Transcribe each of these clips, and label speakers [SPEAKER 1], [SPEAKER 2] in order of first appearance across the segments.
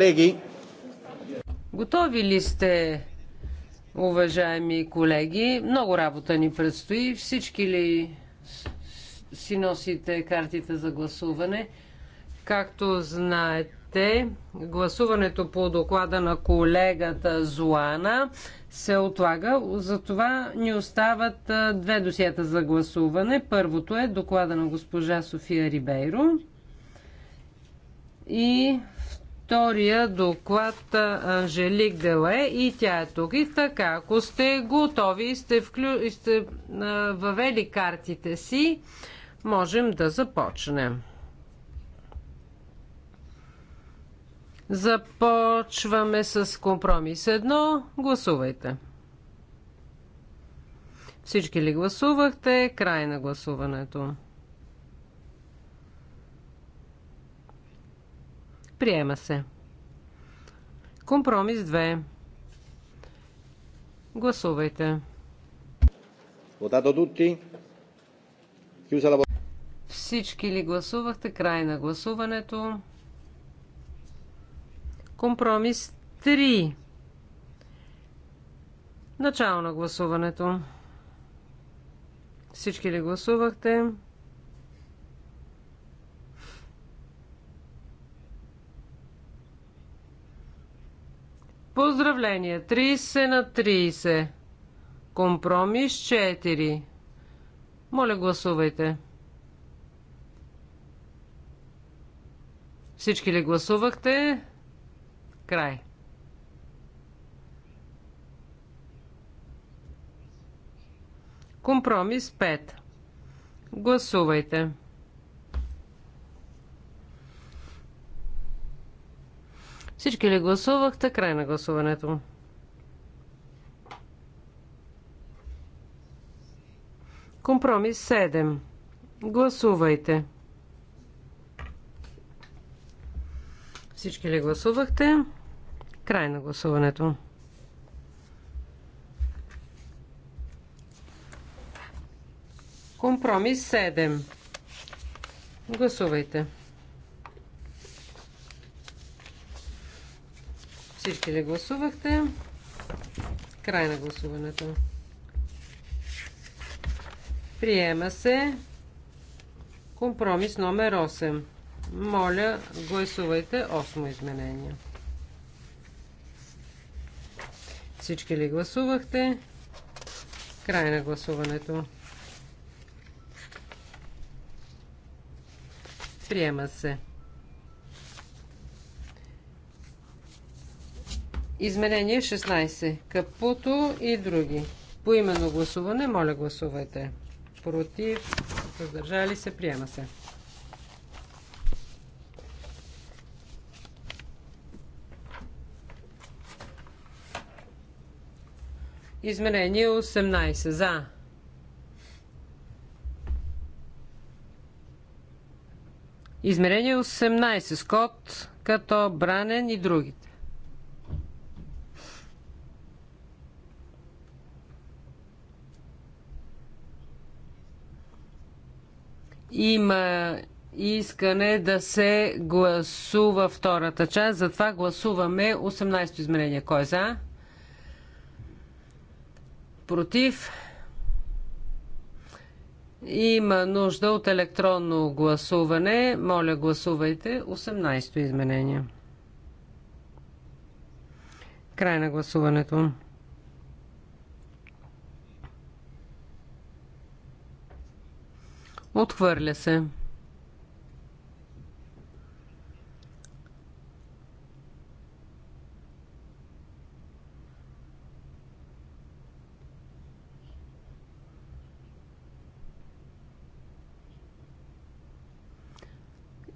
[SPEAKER 1] Колеги. Готови ли сте, уважаеми колеги? Много работа ни предстои. Всички ли си носите картите за гласуване? Както знаете, гласуването по доклада на колегата Зоана се отлага. Затова ни остават две досиета за гласуване. Първото е доклада на госпожа София Рибейро и втория доклад Анжелик Деле и тя е тук. И така, ако сте готови и сте, вклю... и сте въвели картите си, можем да започнем. Започваме с компромис Едно. Гласувайте. Всички ли гласувахте? Край на гласуването. Приема се. Компромис 2. Гласувайте. Votato tutti. Chiusa la Всички ли гласувахте? Край на гласуването. Компромис 3. Начало на гласуването. Всички ли гласувахте? Поздравления! 30 на 30. Компромис 4. Моля, гласувайте. Всички ли гласувахте? Край. Компромис 5. Гласувайте. Всички ли гласувахте? Край на гласуването. Компромис 7. Гласувайте. Всички ли гласувахте? Край на гласуването. Компромис 7. Гласувайте. Всички ли гласувахте? Край на гласуването. Приема се компромис номер 8. Моля, гласувайте 8 изменение. Всички ли гласувахте? Край на гласуването. Приема се. Изменение 16. Капуто и други. По именно гласуване, моля гласувайте. Против, въздържали се, приема се. Изменение 18. За. Измерение 18. Скот, като бранен и другите. Има искане да се гласува втората част, затова гласуваме 18-то изменение. Кой е за? Против? Има нужда от електронно гласуване. Моля, гласувайте 18-то изменение. Край на гласуването. Отхвърля се.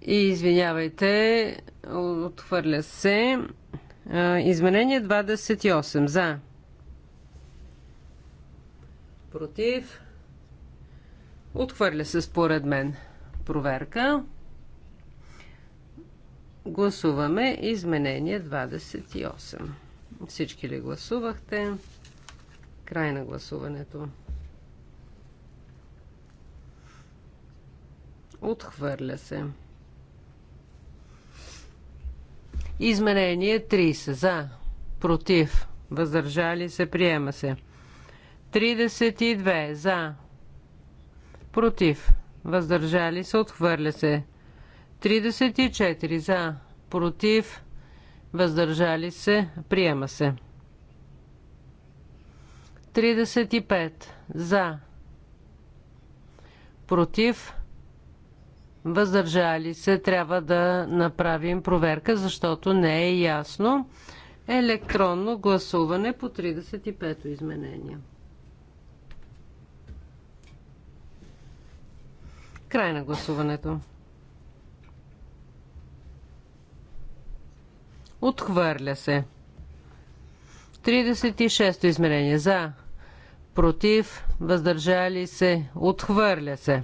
[SPEAKER 1] И извинявайте, отхвърля се. Изменение 28. За. Против. Отхвърля се според мен. Проверка. Гласуваме изменение 28. Всички ли гласувахте? Край на гласуването. Отхвърля се. Изменение 30. За. Против. Въздържали се. Приема се. 32. За против, въздържали се, отхвърля се. 34 за, против, въздържали се, приема се. 35 за, против, въздържали се, трябва да направим проверка, защото не е ясно. Електронно гласуване по 35-то изменение. Край на гласуването. Отхвърля се. 36-то измерение. За. Против. Въздържали се. Отхвърля се.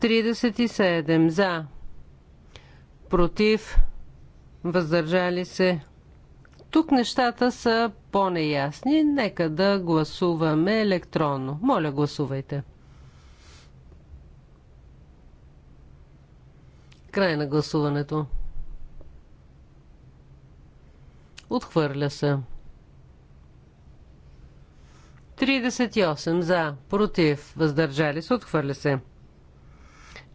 [SPEAKER 1] 37. За. Против. Въздържали се. Тук нещата са по-неясни. Нека да гласуваме електронно. Моля, гласувайте. Край на гласуването. Отхвърля се. 38 за, против, въздържали се, отхвърля се.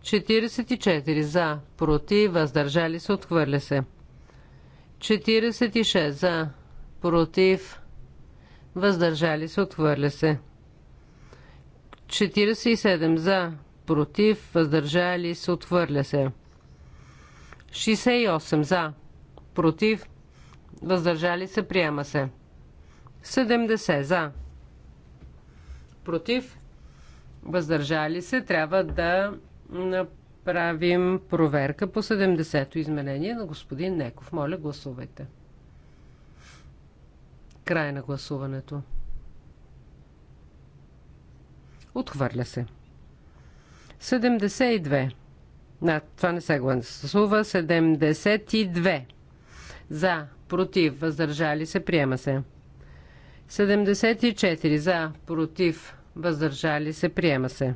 [SPEAKER 1] 44 за, против, въздържали се, отхвърля се. 46 за, против, въздържали се, отхвърля се. 47 за, против, въздържали се, отхвърля се. 68 за, против, въздържали се, приема се. 70 за, против, въздържали се, трябва да направим проверка по 70-то изменение на господин Неков. Моля, гласувайте. Край на гласуването. Отхвърля се. 72. Не, това не се гласува. 72. За, против, въздържали се, приема се. 74. За, против, въздържали се, приема се.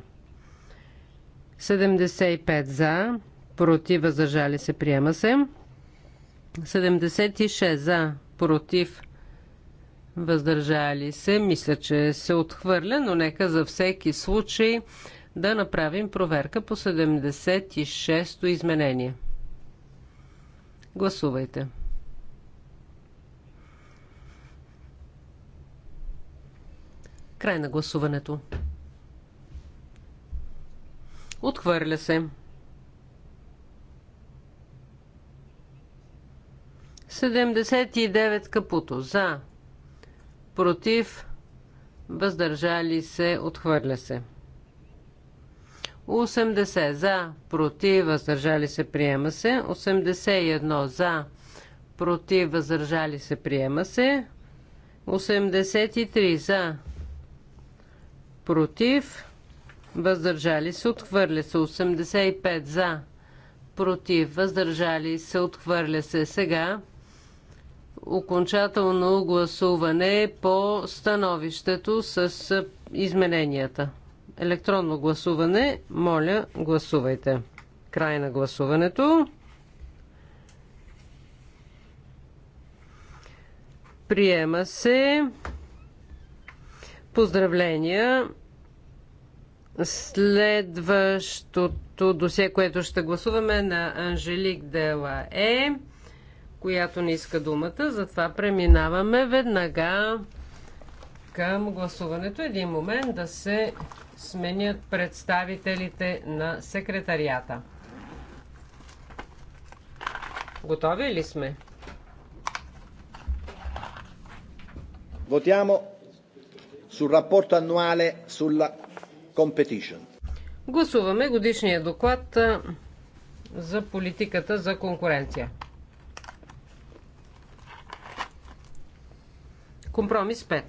[SPEAKER 1] 75. За, против, въздържали се, приема се. 76. За, против, въздържали се. Мисля, че се отхвърля, но нека за всеки случай да направим проверка по 76-то изменение. Гласувайте. Край на гласуването. Отхвърля се. 79 капуто за, против, въздържали се, отхвърля се. 80 за, против, въздържали се, приема се. 81 за, против, въздържали се, приема се. 83 за, против, въздържали се, отхвърля се. 85 за, против, въздържали се, отхвърля се. Сега окончателно гласуване по становището с измененията електронно гласуване. Моля, гласувайте. Край на гласуването. Приема се. Поздравления. Следващото досе, което ще гласуваме на Анжелик Дела е, която не иска думата, затова преминаваме веднага към гласуването. Един момент да се сменят представителите на секретарията. Готови ли сме? Votiamo sul rapporto annuale sulla competition. Гласуваме годишния доклад за политиката за конкуренция. Компромис 5.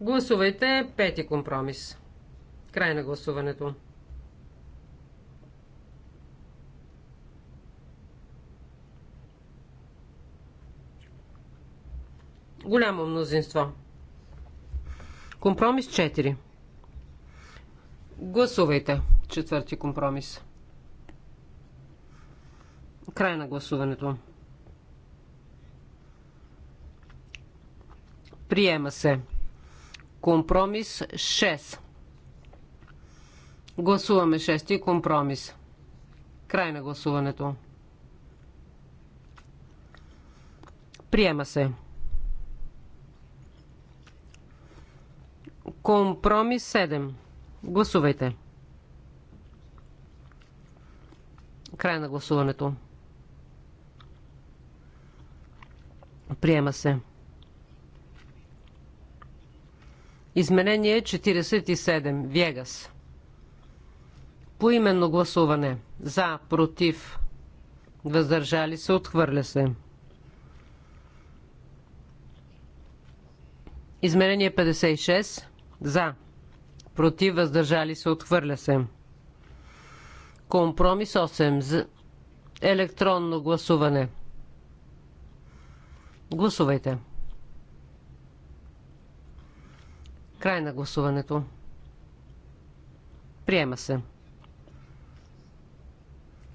[SPEAKER 1] Гласувайте пети компромис. Край на гласуването. Голямо мнозинство. Компромис 4. Гласувайте. Четвърти компромис. Край на гласуването. Приема се. Компромис 6. Гласуваме 6 компромис. Край на гласуването. Приема се. Компромис 7. Гласувайте. Край на гласуването. Приема се. Изменение 47. Вегас. Поименно гласуване. За, против, въздържали се, отхвърля се. Измерение 56. За. Против, въздържали се, отхвърля се. Компромис 8. За електронно гласуване. Гласувайте. Край на гласуването. Приема се.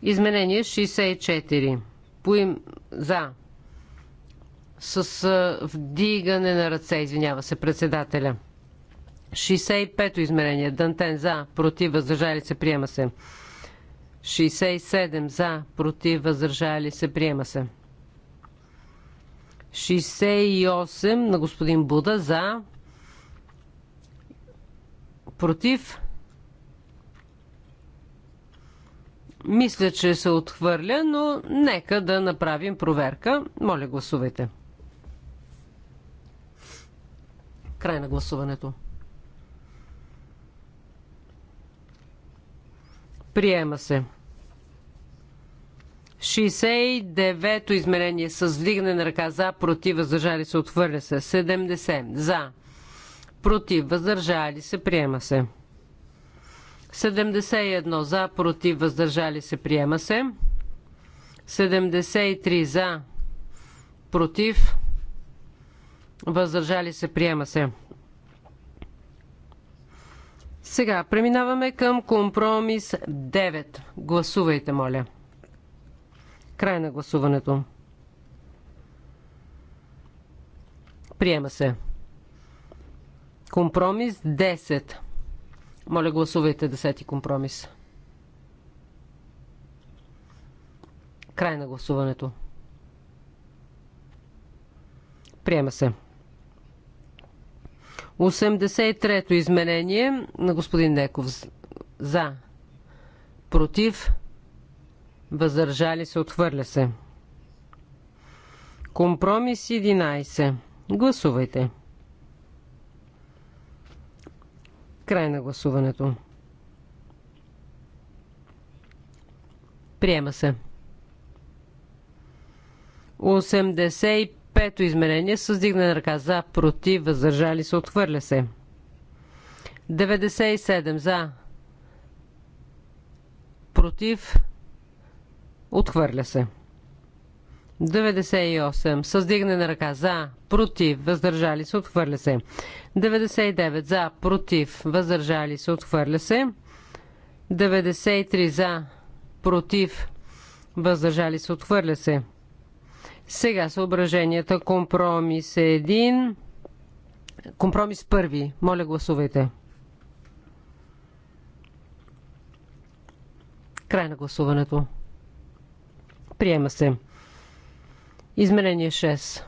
[SPEAKER 1] Изменение 64. Поим за. С вдигане на ръце, извинява се председателя. 65-то изменение. Дантен за, против, въздържали се, приема се. 67 за, против, въздържали се, приема се. 68 на господин Буда за, Против. Мисля, че се отхвърля, но нека да направим проверка. Моля, гласувайте. Край на гласуването. Приема се. 69-то измерение с вдигане на ръка за, против, въздържали се, отхвърля се. 70 за, против, въздържали се, приема се. 71 за, против, въздържали се, приема се. 73 за, против, въздържали се, приема се. Сега преминаваме към компромис 9. Гласувайте, моля. Край на гласуването. Приема се. Компромис 10. Моля, гласувайте 10 компромис. Край на гласуването. Приема се. 83-то изменение на господин Неков. За. Против. Въздържали се. Отхвърля се. Компромис 11. Гласувайте. Край на гласуването. Приема се. 85-то измерение с дигна ръка за, против, въздържали се, отхвърля се. 97 за, против, отхвърля се. 98. С на ръка. За. Против. Въздържали се. Отхвърля се. 99. За. Против. Въздържали се. Отхвърля се. 93. За. Против. Въздържали се. Отхвърля се. Сега съображенията. Компромис е един. Компромис първи. Моля гласувайте. Край на гласуването. Приема се. Изменение 6.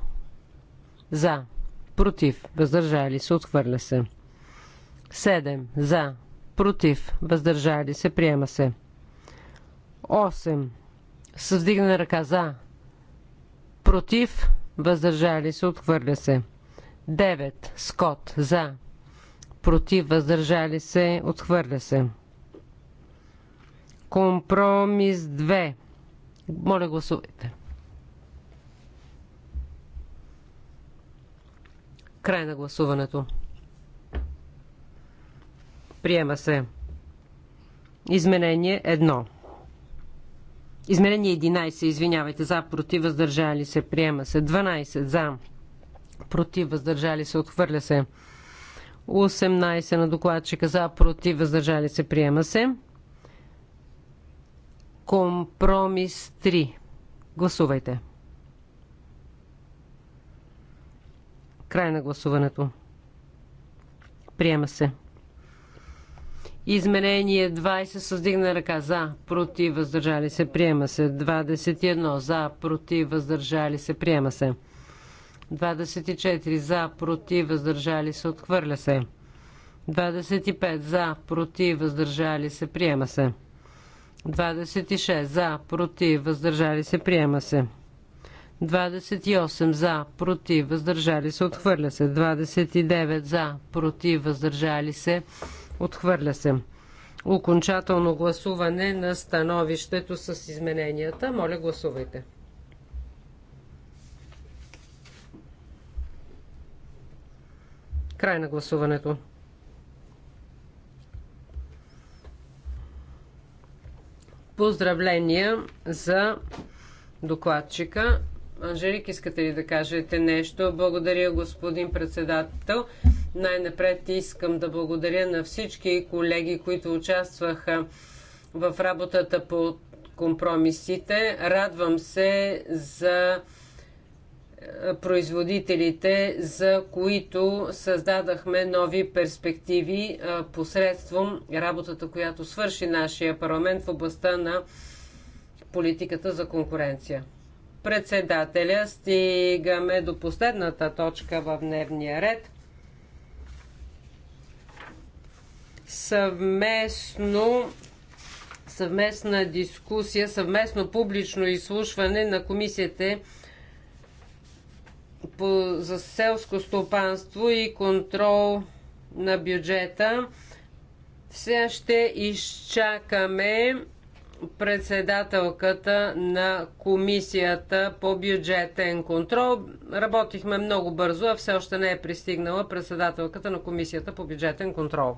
[SPEAKER 1] За. Против. Въздържали се. Отхвърля се. 7. За. Против. Въздържали се. Приема се. 8. С ръка. За. Против. Въздържали се. Отхвърля се. 9. Скот. За. Против. Въздържали се. Отхвърля се. Компромис 2. Моля гласувайте. Край на гласуването. Приема се. Изменение 1. Изменение 11, извинявайте, за, против, въздържали се, приема се. 12, за, против, въздържали се, отхвърля се. 18 на докладчика за, против, въздържали се, приема се. Компромис 3. Гласувайте. Край на гласуването. Приема се. Изменение 20 създигна ръка за, против, въздържали се, приема се. 21 за, против, въздържали се, приема се. 24 за, против, въздържали се, отхвърля се. 25 за, против, въздържали се, приема се. 26 за, против, въздържали се, приема се. 28 за, против, въздържали се, отхвърля се. 29 за, против, въздържали се, отхвърля се. Окончателно гласуване на становището с измененията. Моля, гласувайте. Край на гласуването. Поздравления за докладчика. Анжелик, искате ли да кажете нещо? Благодаря, господин председател. Най-напред искам да благодаря на всички колеги, които участваха в работата по компромисите. Радвам се за е, производителите, за които създадахме нови перспективи е, посредством работата, която свърши нашия парламент в областта на политиката за конкуренция председателя. Стигаме до последната точка в дневния ред. Съвместно съвместна дискусия, съвместно публично изслушване на комисията за селско стопанство и контрол на бюджета. Сега ще изчакаме председателката на комисията по бюджетен контрол. Работихме много бързо, а все още не е пристигнала председателката на комисията по бюджетен контрол.